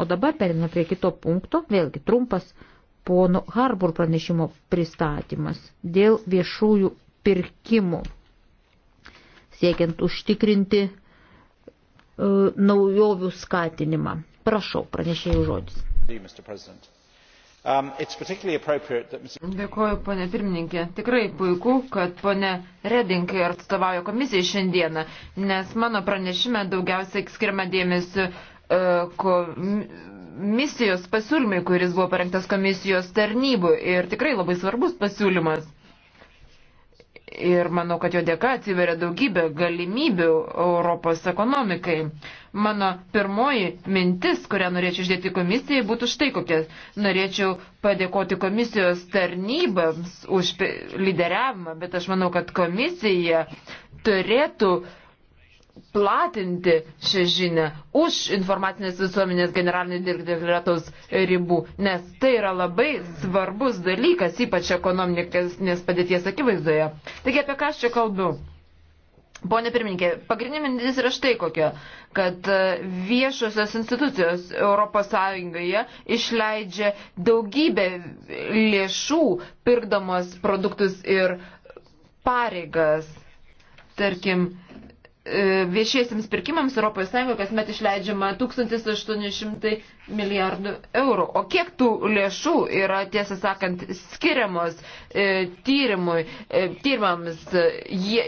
O dabar perėmė prie kito punkto, vėlgi trumpas pono Harbur pranešimo pristatymas dėl viešųjų pirkimų, siekiant užtikrinti e, naujovių skatinimą. Prašau, pranešėjų žodis. Um, Dėkuoju, ponė pirmininkė. Tikrai puiku, kad ponė Redinkai atstovauja komisijai šiandieną, nes mano pranešime daugiausiai skirma dėmesio E, misijos pasiūlymai, kuris buvo parengtas komisijos tarnybų ir tikrai labai svarbus pasiūlymas. Ir manau, kad jo dėka atsiveria daugybė galimybių Europos ekonomikai. Mano pirmoji mintis, kurią norėčiau išdėti komisijai, būtų štai kokia. Norėčiau padėkoti komisijos tarnybams už lyderiavimą, bet aš manau, kad komisija turėtų uh, platinti šią žinią už informacinės visuomenės generalinio direktoriatos ribų, nes tai yra labai svarbus dalykas, ypač ekonominės padėties akivaizdoje. Taigi apie ką aš čia kalbu? Pone pirmininkė, pagrindinė mintis yra štai kokia, kad e, viešosios institucijos ES išleidžia daugybę lėšų, pirkdamos produktus ir pareigas. Tarkim, E, viešiesiams pirkimams Europos Sąjungoje kasmet išleidžiama 1800 milijardų eurų. O kiek tų lėšų yra, tiesą sakant, skiriamos e, tyrimui, e, tyrimams, je,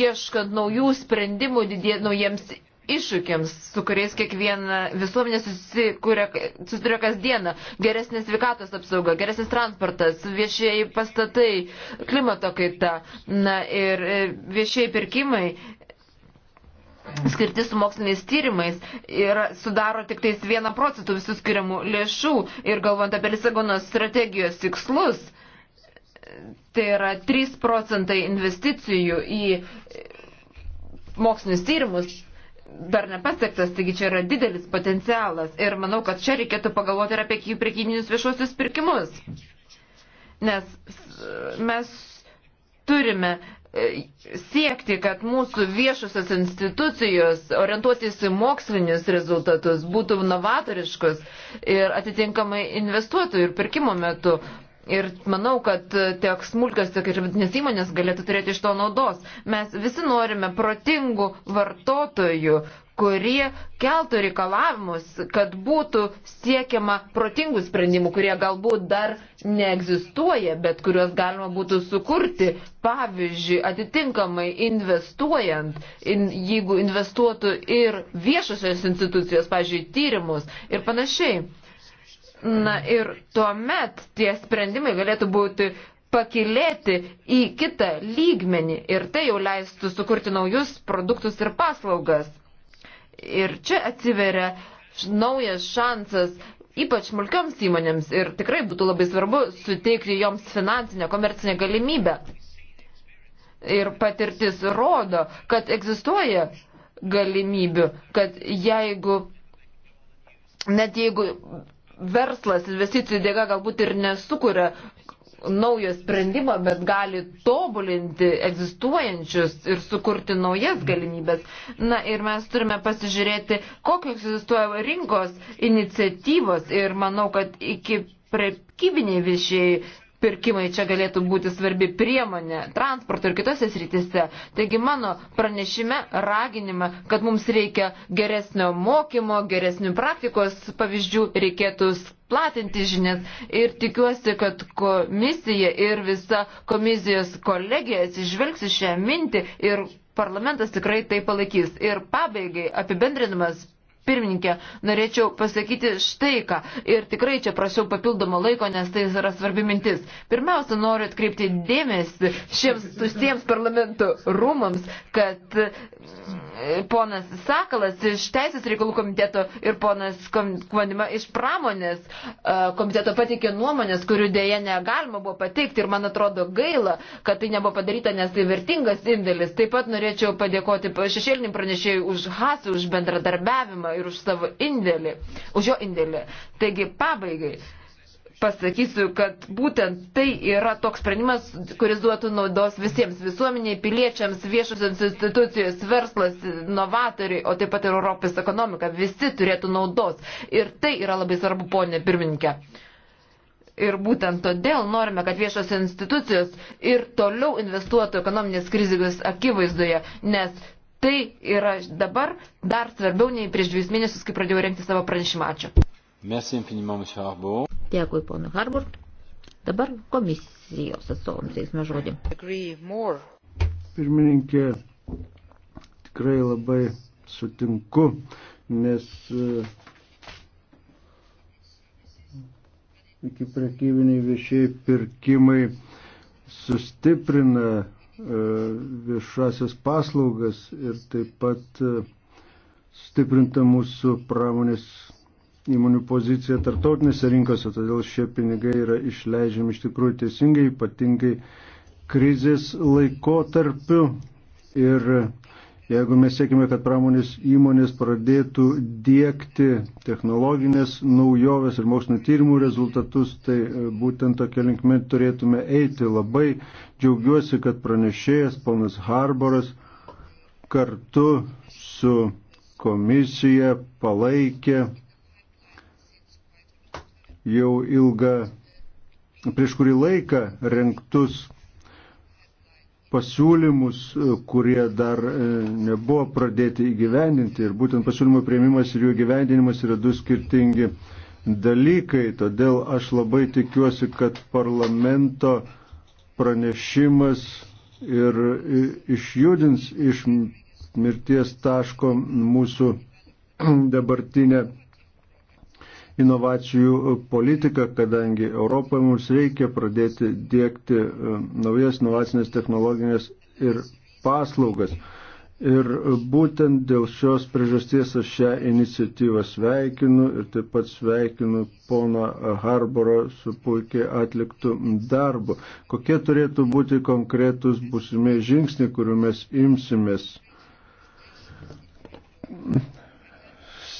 ieškant naujų sprendimų didė, naujiems iššūkiams, su kuriais kiekviena visuomenė susiduria kasdieną. Geresnės sveikatos apsauga, geresnis transportas, viešieji pastatai, klimato kaita na, ir e, viešieji pirkimai skirti su moksliniais tyrimais ir sudaro tik tais 1 procentų visų skiriamų lėšų. Ir galvant apie Lisabonos strategijos tikslus, tai yra 3 procentai investicijų į mokslinius tyrimus dar nepasiektas, taigi čia yra didelis potencialas. Ir manau, kad čia reikėtų pagalvoti ir apie prekybinius viešuosius pirkimus. Nes mes turime siekti, kad mūsų viešusios institucijos orientuotis į mokslinius rezultatus, būtų novatoriškus ir atitinkamai investuotų ir pirkimo metu Ir manau, kad tiek smulkios, tiek ir vidinės įmonės galėtų turėti iš to naudos. Mes visi norime protingų vartotojų, kurie keltų reikalavimus, kad būtų siekiama protingų sprendimų, kurie galbūt dar neegzistuoja, bet kuriuos galima būtų sukurti. Pavyzdžiui, atitinkamai investuojant, in, jeigu investuotų ir viešosios institucijos, pavyzdžiui, tyrimus ir panašiai. Na ir tuomet tie sprendimai galėtų būti pakilėti į kitą lygmenį ir tai jau leistų sukurti naujus produktus ir paslaugas. Ir čia atsiveria naujas šansas ypač smulkioms įmonėms ir tikrai būtų labai svarbu suteikti joms finansinę, komercinę galimybę. Ir patirtis rodo, kad egzistuoja galimybių, kad jeigu net jeigu verslas investicijų dėka galbūt ir nesukuria naujo sprendimo, bet gali tobulinti egzistuojančius ir sukurti naujas galimybės. Na ir mes turime pasižiūrėti, kokios egzistuoja rinkos iniciatyvos ir manau, kad iki prekybiniai viešieji pirkimai čia galėtų būti svarbi priemonė transporto ir kitose srityse. Taigi mano pranešime raginime, kad mums reikia geresnio mokymo, geresnių praktikos pavyzdžių, reikėtų platinti žinias ir tikiuosi, kad komisija ir visa komisijos kolegija atsižvelgs į šią mintį ir parlamentas tikrai tai palaikys. Ir pabaigai apibendrinamas pirmininkė, norėčiau pasakyti štai ką. Ir tikrai čia prašiau papildomo laiko, nes tai yra svarbi mintis. Pirmiausia, noriu atkreipti dėmesį šiems tustiems parlamento rūmams, kad ponas Sakalas iš Teisės reikalų komiteto ir ponas Kvandima iš pramonės e, komiteto patikė nuomonės, kurių dėje negalima buvo pateikti ir man atrodo gaila, kad tai nebuvo padaryta, nes tai vertingas indėlis. Taip pat norėčiau padėkoti šešėlinim pranešėjui už hasį, už bendradarbiavimą ir už savo indėlį, už jo indėlį. Taigi pabaigai pasakysiu, kad būtent tai yra toks sprendimas, kuris duotų naudos visiems visuomeniai, piliečiams, viešosios institucijos, verslas, novatoriai, o taip pat ir Europos ekonomika. Visi turėtų naudos. Ir tai yra labai svarbu, ponė pirmininkė. Ir būtent todėl norime, kad viešos institucijos ir toliau investuotų ekonominės krizės akivaizdoje, nes tai yra dabar dar svarbiau nei prieš dviejus mėnesius, kai pradėjau rengti savo pranešimą. Ačiū. Merci infiniment, monsieur Arbo. Dėkui, ponui Harburt. Dabar komisijos atstovams teisme žodį. Pirmininkė, tikrai labai sutinku, nes e, iki prekybiniai viešiai pirkimai sustiprina e, viešasias paslaugas ir taip pat e, stiprinta mūsų pramonės įmonių poziciją tarptautinėse rinkose, todėl šie pinigai yra išleidžiami iš tikrųjų teisingai, ypatingai krizės laikotarpiu. Ir jeigu mes siekime, kad pramonės įmonės pradėtų dėkti technologinės naujoves ir mokslinio tyrimų rezultatus, tai e, būtent tokia linkme turėtume eiti. Labai džiaugiuosi, kad pranešėjas ponas Harboras kartu su komisija palaikė jau ilgą, prieš kurį laiką renktus pasiūlymus, kurie dar e, nebuvo pradėti įgyvendinti. Ir būtent pasiūlymų prieimimas ir jų gyvendinimas yra du skirtingi dalykai. Todėl aš labai tikiuosi, kad parlamento pranešimas ir išjudins iš mirties taško mūsų dabartinę inovacijų politiką, kadangi Europoje mums reikia pradėti dėkti e, naujas inovacinės technologinės ir paslaugas. Ir būtent dėl šios priežasties aš šią iniciatyvą sveikinu ir taip pat sveikinu pono Harboro su puikiai atliktų darbu. Kokie turėtų būti konkretus būsimiai žingsniai, kurių mes imsimės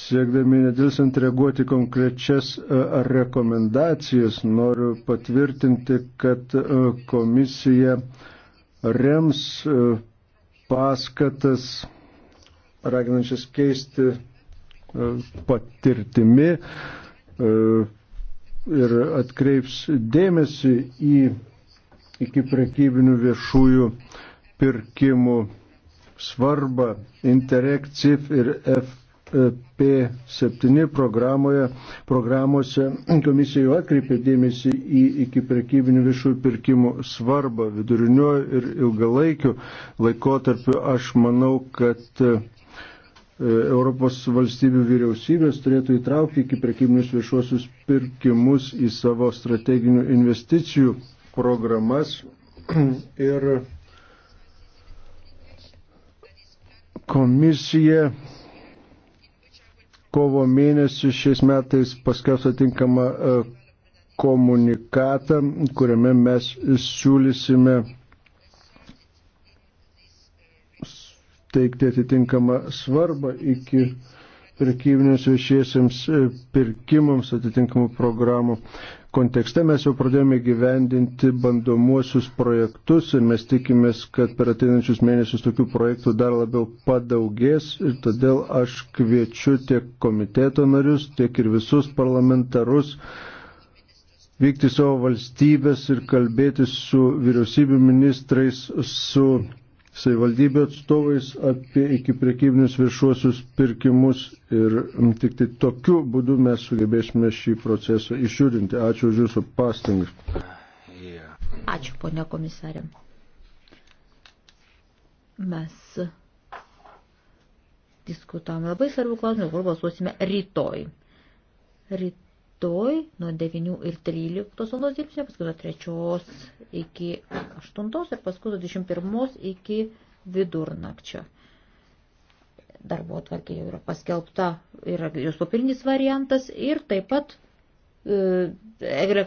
siekdami nedėlsant reaguoti konkrečias e, rekomendacijas, noriu patvirtinti, kad e, komisija rems e, paskatas raginančias keisti patirtimi ir atkreips dėmesį į iki prekybinių viešųjų pirkimų svarbą Interreg, CIF ir F P7 programoje, programuose komisija jau atkreipė dėmesį į iki prekybinių viešųjų pirkimų svarbą viduriniuoju ir ilgalaikiu laikotarpiu. Aš manau, kad e, Europos valstybių vyriausybės turėtų įtraukti iki prekybinius viešuosius pirkimus į savo strateginių investicijų programas ir komisija kovo mėnesį šiais metais paskelbs atinkamą e, komunikatą, kuriame mes siūlysime teikti atitinkamą svarbą iki prekybinius viešiesiams e, pirkimams atitinkamų programų kontekste mes jau pradėjome gyvendinti bandomuosius projektus ir mes tikimės, kad per ateinančius mėnesius tokių projektų dar labiau padaugės ir todėl aš kviečiu tiek komiteto narius, tiek ir visus parlamentarus vykti savo valstybės ir kalbėti su vyriausybių ministrais, su savivaldybių atstovais apie iki priekybinius viršuosius pirkimus ir tik tai tokiu būdu mes sugebėsime šį procesą išjudinti. Ačiū už Jūsų pastangas. Ačiū, ponia komisarė. Mes diskutavome labai svarbų klausimą, kur balsuosime rytoj. Rytoj rytoj nuo 9 ir 13 valandos dirbsime, paskui nuo 3 iki 8 ir paskui nuo 21 iki vidurnakčio. Darbo atvarkė jau yra paskelbta, yra jos papirinis variantas ir taip pat e,